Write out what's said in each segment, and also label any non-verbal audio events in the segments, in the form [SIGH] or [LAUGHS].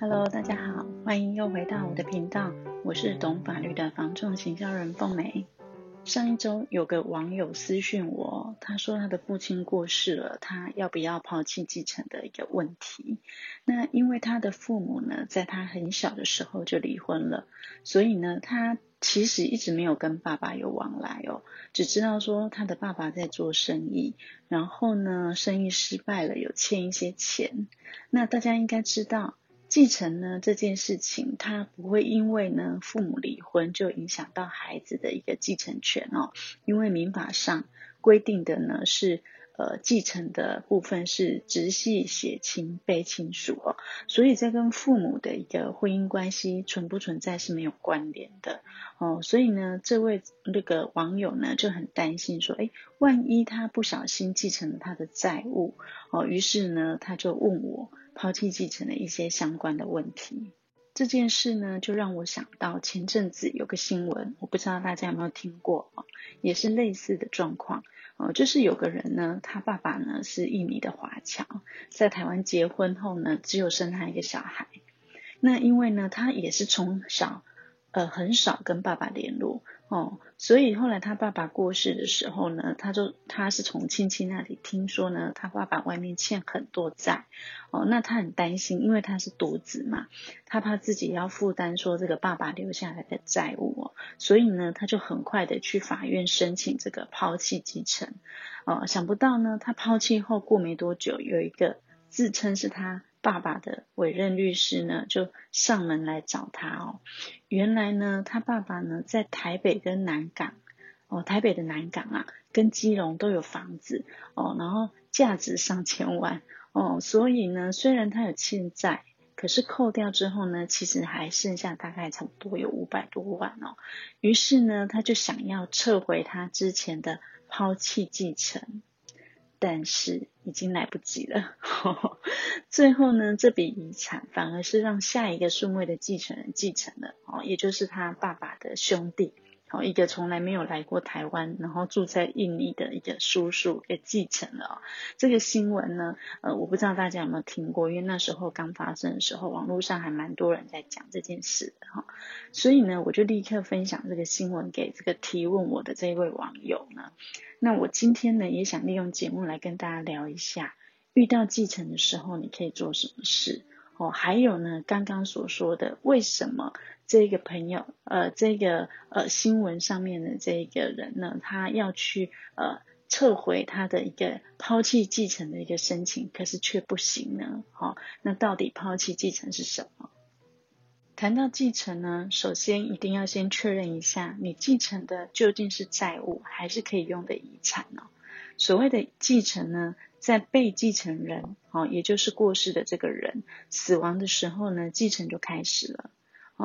Hello，大家好，歡迎又回到我的頻道，我是懂法律的房仲行銷人鳳梅。上一周有個網友私訊我，他說他的父親過世了，他要不要拋棄繼承的一個問題。那因為他的父母呢，在他很小的時候就離婚了，所以呢，他其實一直沒有跟爸爸有往來哦，只知道說他的爸爸在做生意，然後呢，生意失敗了，有欠一些錢。那大家應該知道。繼承呢，這件事情，他不會因為呢父母離婚就影響到孩子的一個繼承權哦，因為民法上規定的呢是呃繼承的部分是直系血親、卑親屬哦，所以在跟父母的一個婚姻關係存不存在是沒有關聯的哦，所以呢這位那個網友呢就很擔心說，哎，萬一他不小心繼承了他的債務哦，於是呢他就問我。拋棄繼承的一些相關的問題，這件事呢，就讓我想到前陣子有個新聞，我不知道大家有沒有聽過，也是類似的狀況。呃，就是有個人呢，他爸爸呢，是印尼的華僑，在台灣結婚後呢，只有生下一個小孩，那因為呢，他也是從小。呃，很少跟爸爸聯絡哦，所以後來他爸爸過世的時候呢，他就他是從親戚那裡聽說呢，他爸爸外面欠很多債哦，那他很擔心，因為他是獨子嘛，他怕自己要負擔說這個爸爸留下來的債務哦，所以呢，他就很快的去法院申請這個拋棄繼承哦，想不到呢，他拋棄後過沒多久，有一個自稱是他。爸爸的委任律師呢，就上門來找他哦。原來呢，他爸爸呢，在台北跟南港，哦，台北的南港啊，跟基隆都有房子哦，然後價值上千萬哦，所以呢，雖然他有欠債，可是扣掉之後呢，其實還剩下大概差不多有五百多萬哦。於是呢，他就想要撤回他之前的拋棄繼承。但是已經來不及了，呵呵，最後呢，這筆遺產反而是讓下一個順位的繼承人繼承了，哦，也就是他爸爸的兄弟。好，一個從來沒有來過台灣，然後住在印尼的一個叔叔給繼承了哦。這個新聞呢，呃，我不知道大家有沒有聽過，因為那時候剛發生的時候，網絡上還蠻多人在講這件事的，哈哦。所以呢，我就立刻分享這個新聞給這個提問我的這一位網友呢。那我今天呢，也想利用節目來跟大家聊一下，遇到繼承的時候，你可以做什麼事。哦，還有呢，剛剛所說的為什麼這個朋友，呃，這個呃新聞上面的這個人呢，他要去呃撤回他的一個拋棄繼承的一個申請，可是卻不行呢？哦，那到底拋棄繼承是什麼？談到繼承呢，首先一定要先確認一下，你繼承的究竟是債務，還是可以用的遺產哦？所謂的繼承呢？在被繼承人，也就是過世的這個人死亡的時候呢，繼承就開始了，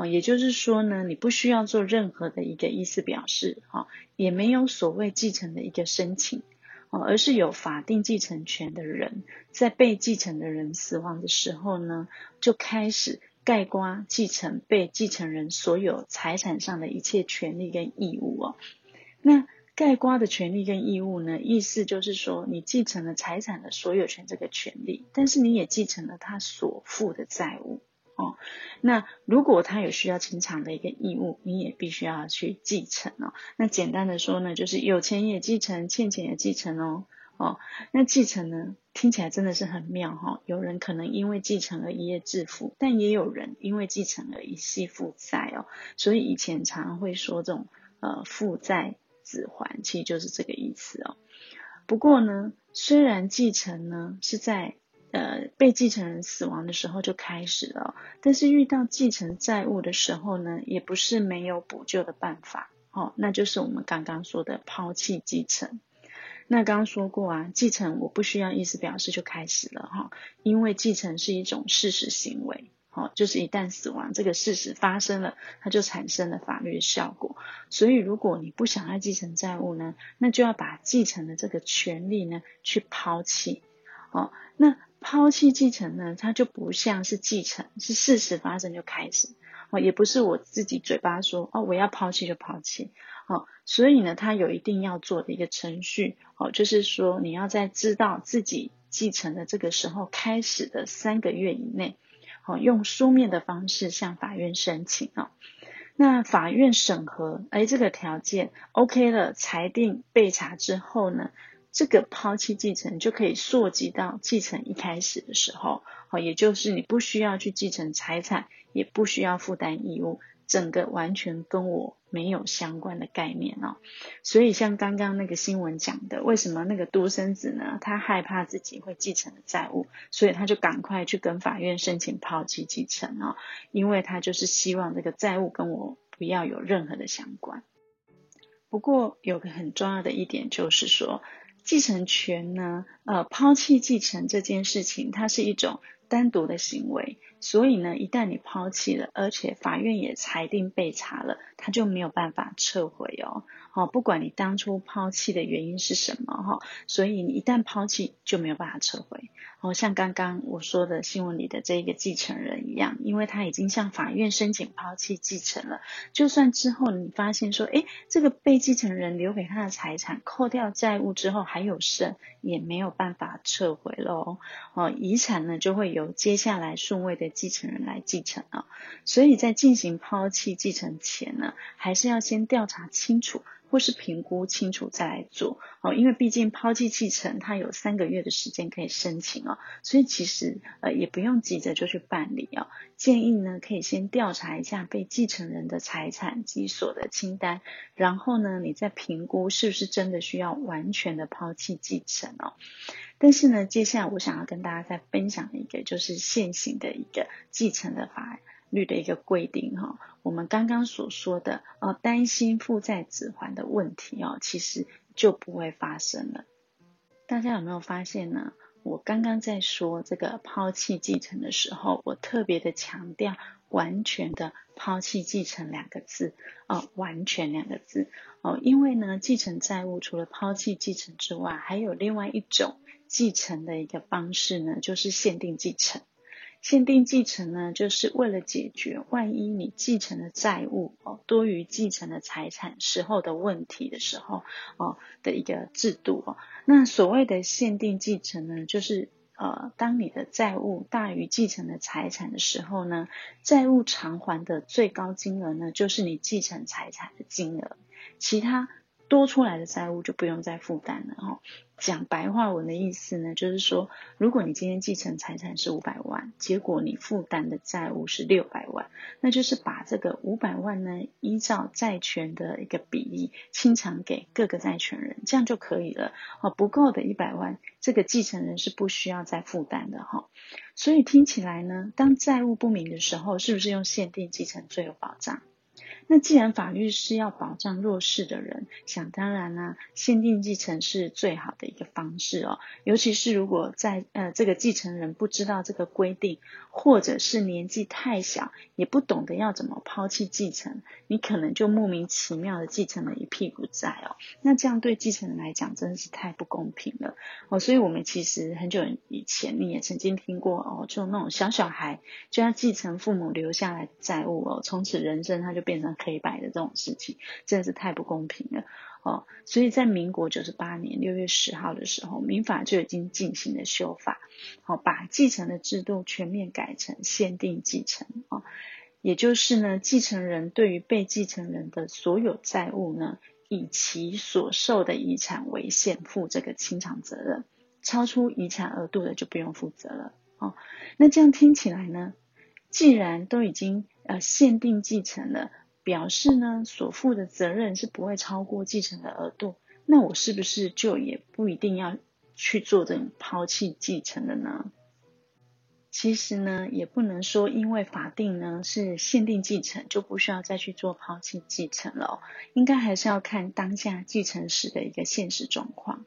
也就是說呢，你不需要做任何的一個意思表示，哈，也沒有所謂繼承的一個申請，而是有法定繼承權的人，在被繼承的人死亡的時候呢，就開始概括繼承被繼承人所有財產上的一切權利跟義務，哦，那。概括的權利跟義務呢，意思就是說，你繼承了財產的所有權這個權利，但是你也繼承了他所負的債務哦。那如果他有需要清償的一個義務，你也必須要去繼承哦。那簡單的說呢，就是有錢也繼承，欠錢也繼承哦哦。那繼承呢，聽起來真的是很妙哈、哦。有人可能因為繼承而一夜致富，但也有人因為繼承而一夕負債哦。所以以前常，常會說這種呃負債。子還其實就是這個意思哦。不過呢，雖然繼承呢是在呃被繼承人死亡的時候就開始了哦，但是遇到繼承債務的時候呢，也不是沒有補救的辦法哦。那就是我們剛剛說的拋棄繼承。那剛剛說過啊，繼承我不需要意思表示就開始了哈哦，因為繼承是一種事實行為。就是一旦死亡這個事實發生了，它就產生了法律的效果。所以，如果你不想要繼承債務呢，那就要把繼承的這個權利呢去拋棄。哦，那拋棄繼承呢，它就不像是繼承，是事實發生就開始。哦，也不是我自己嘴巴說哦，我要拋棄就拋棄。哦，所以呢，它有一定要做的一個程序。哦，就是說你要在知道自己繼承的這個時候開始的三個月以內，好，用書面的方式向法院申請啊。那法院審核，哎，這個條件 OK 了，裁定備查之後呢，這個拋棄繼承就可以溯及到繼承一開始的時候，好，也就是你不需要去繼承財產，也不需要負擔義務。整個完全跟我沒有相關的概念哦，所以像剛剛那個新聞講的，為什麼那個獨生子呢？他害怕自己會繼承的債務，所以他就趕快去跟法院申請拋棄繼承哦，因為他就是希望這個債務跟我不要有任何的相關。不過有個很重要的一點就是說，繼承權呢，呃，拋棄繼承這件事情，它是一種單獨的行為。所以呢，一旦你拋棄了，而且法院也裁定備查了，他就沒有辦法撤回哦。好、哦，不管你當初拋棄的原因是什麼哈、哦，所以你一旦拋棄就沒有辦法撤回。哦，像剛剛我說的新聞裡的這一個繼承人一樣，因為他已經向法院申請拋棄繼承了，就算之後你發現說，誒，這個被繼承人留給他的財產扣掉債務之後還有剩，也沒有辦法撤回了哦，遺產呢就會由接下來順位的，繼承人來繼承啊、哦，所以在進行拋棄繼承前呢，還是要先調查清楚或是評估清楚再來做哦，因為畢竟拋棄繼承它有三個月的時間可以申請哦，所以其實呃也不用急着就去辦理哦，建議呢可以先調查一下被繼承人的財產及所得清單，然後呢你再評估是不是真的需要完全的拋棄繼承哦。但是呢，接下來我想要跟大家再分享一個，就是現行的一個繼承的法律的一個規定哈、哦。我們剛剛所說的哦，擔、呃、心負債子還的問題哦，其實就不會發生了。大家有沒有發現呢？我剛剛在說這個拋棄繼承的時候，我特別的強調、呃“完全的拋棄繼承”兩個字哦，“完全”兩個字哦，因為呢，繼承債務除了拋棄繼承之外，還有另外一種。繼承的一個方式呢，就是限定繼承。限定繼承呢，就是為了解決萬一你繼承的債務哦多於繼承的財產時候的問題的時候哦的一個制度哦。那所謂的限定繼承呢，就是呃，當你的債務大於繼承的財產的時候呢，債務償還的最高金額呢，就是你繼承財產的金額。其他。多出來的債務就不用再負擔了哈、哦。講白話文的意思呢，就是說，如果你今天繼承財產是五百萬，結果你負擔的債務是六百萬，那就是把這個五百萬呢，依照債權的一個比例清償給各個債權人，這樣就可以了。哦，不夠的一百萬，這個繼承人是不需要再負擔的哈、哦。所以聽起來呢，當債務不明的時候，是不是用限定繼承最有保障？那既然法律是要保障弱勢的人，想當然啦、啊，限定繼承是最好的一個方式哦，尤其是如果在呃這個繼承人不知道這個規定，或者是年紀太小，也不懂得要怎麼拋棄繼承，你可能就莫名其妙的繼承了一屁股債哦。那這樣對繼承人來講真的是太不公平了哦。所以我們其實很久以前你也曾經聽過哦，就那種小小孩就要繼承父母留下來的債務哦，從此人生他就變成黑白的這種事情，真的是太不公平了。哦，所以在民國九十八年六月十號的時候，民法就已經進行了修法，好、哦，把繼承的制度全面改成限定繼承啊、哦，也就是呢，繼承人對於被繼承人的所有債務呢，以其所受的遺產為限負這個清償責任，超出遺產額度的就不用負責了。哦，那這樣聽起來呢，既然都已經呃限定繼承了。表示呢，所負的責任是不會超過繼承的額度。那我是不是就也不一定要去做這種拋棄繼承的呢？其實呢，也不能說因為法定呢是限定繼承，就不需要再去做拋棄繼承了哦。應該還是要看當下繼承時的一個現實狀況。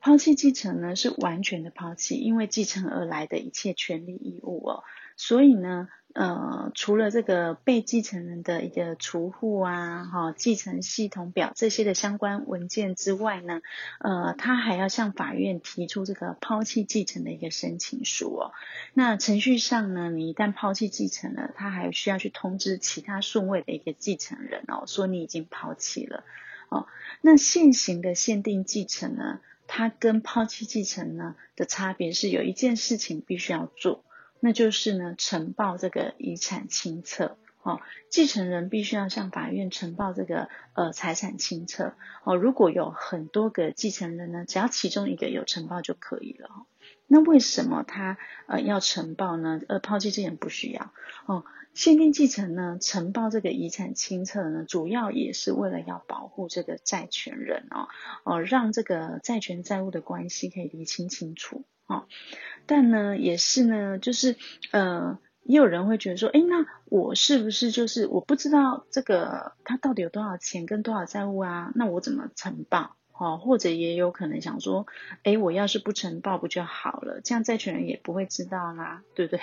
拋棄繼承呢，是完全的拋棄，因為繼承而來的一切權利義務哦。所以呢，呃，除了這個被繼承人的一個除戶啊、哈、哦、繼承系統表這些的相關文件之外呢，呃，他還要向法院提出這個拋棄繼承的一個申請書哦。那程序上呢，你一旦拋棄繼承了，他還需要去通知其他順位的一個繼承人哦，說你已經拋棄了哦。那現行的限定繼承呢，它跟拋棄繼承呢的差別是有一件事情必須要做。那就是呢，呈報這個遺產清冊，哦，繼承人必須要向法院呈報這個呃財產清冊，哦，如果有很多個繼承人呢，只要其中一個有呈報就可以了。那為什麼他呃要呈報呢？呃，拋棄這種不需要哦。限定繼承呢，呈報這個遺產清冊呢，主要也是為了要保護這個債權人哦哦，讓這個債權債務的關係可以釐清清楚。哦，但呢，也是呢，就是，呃，也有人會覺得說，哎，那我是不是就是我不知道這個他到底有多少錢跟多少債務啊？那我怎麼陳報？哦，或者也有可能想說，哎，我要是不陳報不就好了，這樣債權人也不會知道啦，對不對？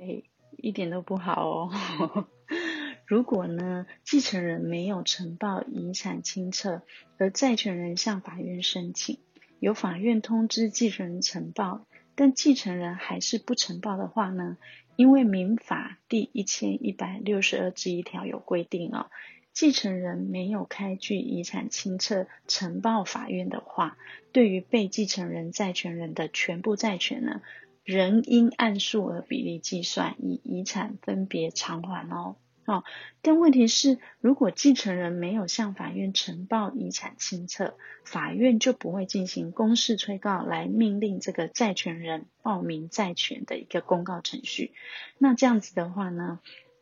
哎，一點都不好哦。 [LAUGHS] 如果呢，繼承人沒有陳報遺產清冊，而債權人向法院申請。由法院通知繼承人呈報，但繼承人還是不呈報的話呢？因為民法第一千一百六十二之一條有規定哦，繼承人沒有開具遺產清冊呈報法院的話，對於被繼承人債權人的全部債權呢，仍應按數額比例計算，以遺產分別償還哦。哦，但問題是，如果繼承人沒有向法院呈報遺產清冊，法院就不會進行公示催告來命令這個債權人報名債權的一個公告程序。那這樣子的話呢，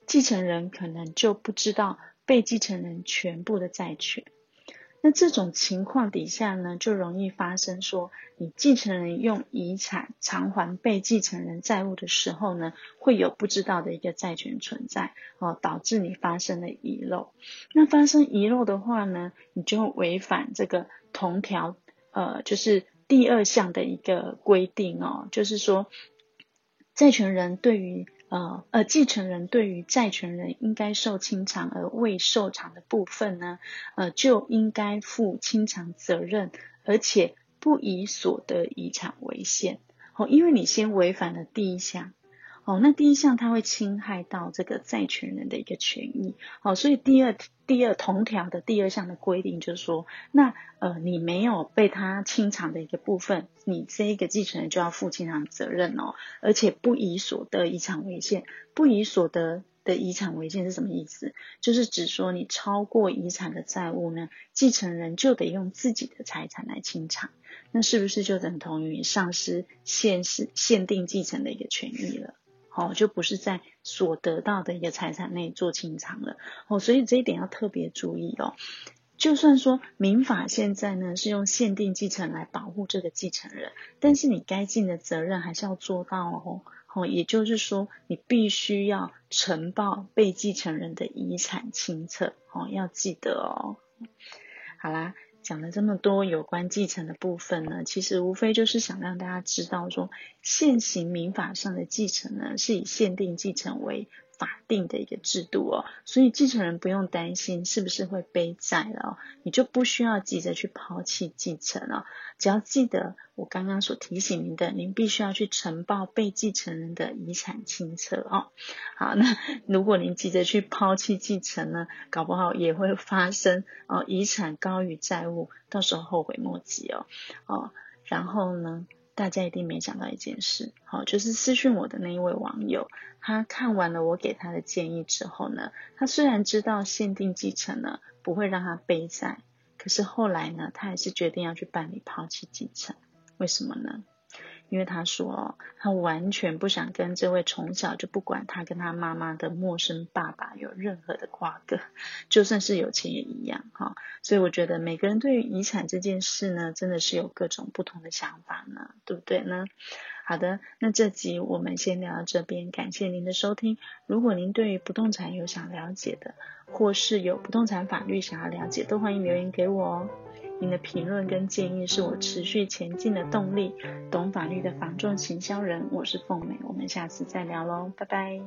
繼承人可能就不知道被繼承人全部的債權。那這種情況底下呢，就容易發生說，你繼承人用遺產償還被繼承人債務的時候呢，會有不知道的一個債權存在，哦，導致你發生了遺漏。那發生遺漏的話呢，你就違反這個同條，呃，就是第二項的一個規定哦，就是說，債權人對於。呃呃，繼承人對於債權人應該受清償而未受償的部分呢，呃，就應該負清償責任，而且不以所得遺產為限。哦，因為你先違反了第一項。哦，那第一項它會侵害到這個債權人的一個權益，好、哦，所以第二第二同條的第二項的規定就是說，那呃你沒有被他清償的一個部分，你這一個繼承人就要負清償責任哦，而且不以所得遺產為限。不以所得的遺產為限是什麼意思？就是指說你超過遺產的債務呢，繼承人就得用自己的財產來清償，那是不是就等同於喪失限是限定繼承的一個權益了？哦，就不是在所得到的一個財產內做清償了哦，所以這一點要特別注意哦。就算說民法現在呢是用限定繼承來保護這個繼承人，但是你該盡的責任還是要做到哦。哦，也就是說你必須要呈報被繼承人的遺產清冊哦，要記得哦。好啦。講了這麼多有關繼承的部分呢，其實無非就是想讓大家知道說，現行民法上的繼承呢，是以限定繼承為法定的一個制度哦，所以繼承人不用擔心是不是會背債了哦，你就不需要急着去拋棄繼承哦，只要記得我剛剛所提醒您的，您必須要去陳報被繼承人的遺產清冊哦。好，那如果您急着去拋棄繼承呢，搞不好也會發生哦遺產高於債務，到時候後悔莫及哦哦，然後呢？大家一定沒想到一件事，好，就是私訊我的那一位網友，他看完了我給他的建議之後呢，他雖然知道限定繼承呢，不會讓他背債，可是後來呢，他還是決定要去辦理拋棄繼承，為什麼呢？因為他說，他完全不想跟這位從小就不管他跟他媽媽的陌生爸爸有任何的瓜葛，就算是有錢也一樣哈。所以我覺得每個人對於遺產這件事呢，真的是有各種不同的想法呢，對不對呢？好的，那這集我們先聊到這邊，感謝您的收聽。如果您對於不動產有想了解的，或是有不動產法律想要了解，都歡迎留言給我哦。您的評論跟建議是我持續前進的動力。懂法律的房仲行銷人，我是鳳美，我們下次再聊嘍，拜拜。